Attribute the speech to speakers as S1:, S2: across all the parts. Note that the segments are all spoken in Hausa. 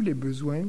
S1: les besoins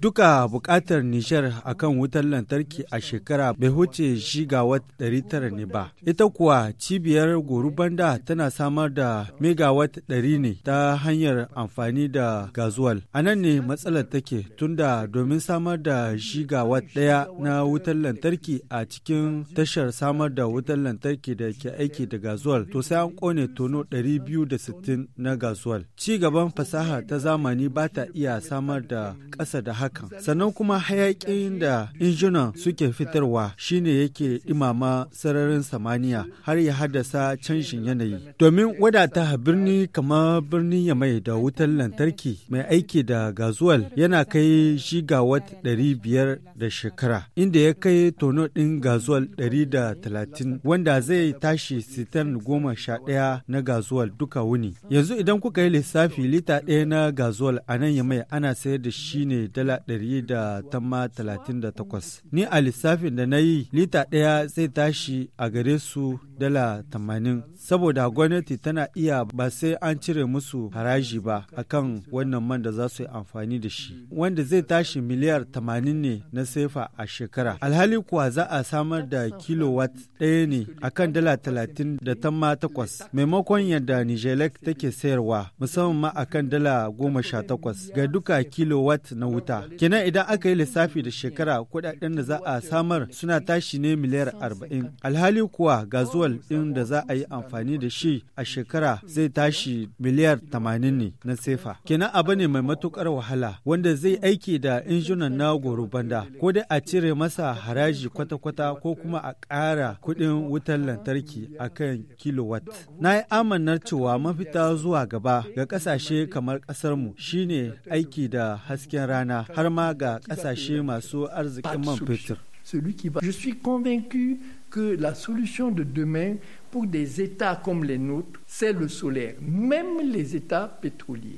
S1: Duka buƙatar Nijar a kan wutar lantarki a shekara bai huce gigawatt 900 ne ba. Ita kuwa cibiyar Gorubanda tana samar da megawat 100 ne ta hanyar amfani da gazuwal. A nan ne matsalar take tunda domin samar da gigawatt ɗaya na wutar lantarki a cikin tashar samar da wutar lantarki da ke aiki da gazuwal to sai an kone tono 260 na gazuwal. Ci gaban fasaha ta zamani ba ta iya samar samar da ƙasa da hakan sannan kuma hayaƙin da injunan suke fitarwa shine yake imama sararin samaniya har ya haddasa canjin yanayi domin wadata birni kamar birnin mai da wutar lantarki mai aiki da gazuwal yana kai gigawatt biyar da shekara inda ya kai tono ɗin gazuwal da talatin wanda zai tashi sitan goma sha ɗaya na gazuwal duka wuni yanzu idan kuka yi lissafi lita ɗaya na gazuwal a nan yamai ana ana sayar da shi ne dala ɗari da tamma talatin da takwas. Ni a lissafin da na yi lita ɗaya zai tashi a gare su dala tamanin. Saboda gwamnati tana iya ba sai an cire musu haraji ba akan wannan man da za su yi amfani da shi. Wanda zai tashi miliyar tamanin ne na sefa a shekara. Alhali kuwa za a samar da kilowatt ɗaya ne akan dala talatin da tamma takwas. Maimakon yadda Nijelek take sayarwa musamman ma akan dala goma sha takwas ga duka da kilowatt na wuta. Kenan idan aka yi lissafi da shekara kudaden da za a samar suna tashi ne miliyar arba'in Alhali kuwa gazuwal ɗin da za a yi amfani da shi a shekara zai tashi miliyar tamanin ne na sefa. Kenan abu ne mai matukar wahala wanda zai aiki da injunan na gorubanda ko dai a cire masa haraji kwata-kwata ko kuma a ƙara kuɗin wutar lantarki a kan kilowatt. Na yi amanar cewa mafita zuwa gaba ga ƙasashe kamar ƙasarmu shine aiki Je suis convaincu que la solution de demain pour des États comme les nôtres, c'est le solaire, même les États pétroliers.